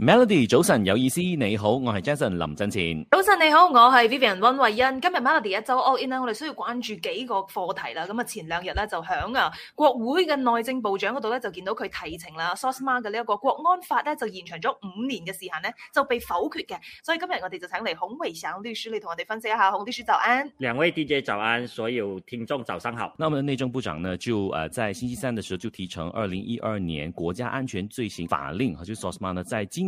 Melody 早晨有意思，你好，我係 Jason 林振前。早晨你好，我係 Vivian 溫慧欣。今日 Melody 一周 all in 啦，我哋需要關注幾個課題啦。咁啊，前兩日咧就響啊國會嘅內政部長嗰度咧就見到佢提呈啦 Sosma 嘅呢一個國安法咧就延長咗五年嘅時限咧就被否決嘅。所以今日我哋就請嚟孔偉祥律師嚟同我哋分析一下。孔律師早安，兩位 DJ 早安，所有聽眾早上好。咁啊，我哋內政部長呢就誒、呃、在星期三嘅時候就提呈二零一二年國家安全罪行法令，就 Sosma 呢在今。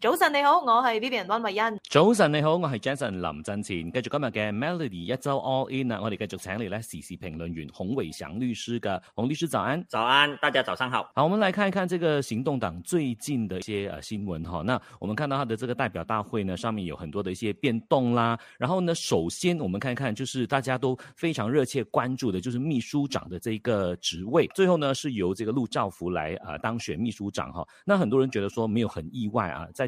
早晨你好，我係 Vivian 溫慧欣。早晨你好，我係 Jason 林振前。繼續今日嘅 Melody 一周 All In 啊，我哋繼續請嚟咧時事評論員洪偉祥律師嘅。洪律師早安。早安，大家早上好。好，我們來看一看這個行動黨最近的一些啊新聞哈。那我們看到它的這個代表大會呢，上面有很多的一些變動啦。然後呢，首先我們看一看，就是大家都非常熱切關注的，就是秘書長的這個職位，最後呢，是由這個陸兆福來啊當選秘書長哈。那很多人覺得說沒有很意外啊，在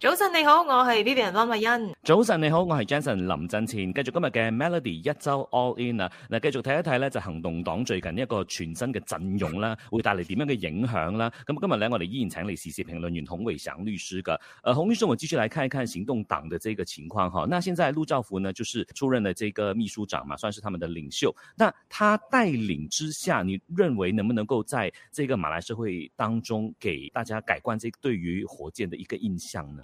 早晨你好，我是係 Vivian 汪慧欣。早晨你好，我是 Jason 林振前。繼續今日嘅 Melody 一周 All In 啊，嗱繼續睇一睇咧，就行動黨最近一個全新嘅陣容啦，會帶嚟點樣嘅影響啦？咁今日咧我哋依然請嚟時事評論員洪偉祥律師噶。誒、呃，洪律師我繼續來看一看行動黨的這個情況哈。那現在陸兆福呢，就是出任了這個秘書長嘛，算是他們的領袖。那他帶領之下，你認為能不能夠在這個馬來社會當中，給大家改觀這對於火箭的一個印象呢？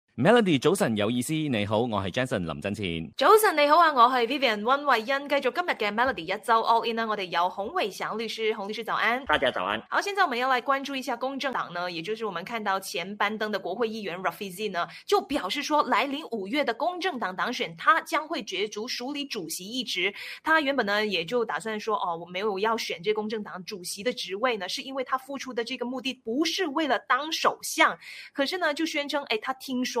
Melody，早晨有意思，你好，我係 Jason 林振前。早晨你好啊，我係 Vivian 溫慧欣。繼續今日嘅 Melody 一周 All In 啦，我哋有洪偉祥律師，洪律師早安。大家早安。好，現在我們要來關注一下公正黨呢，也就是我們看到前班登的國會議員 Rafizi 呢，就表示說，來臨五月的公正黨黨選，他將會角逐署理主席一職。他原本呢，也就打算說，哦，我沒有要選這公正黨主席的職位呢，是因為他付出的這個目的不是為了當首相。可是呢，就宣稱，誒、哎，他聽說。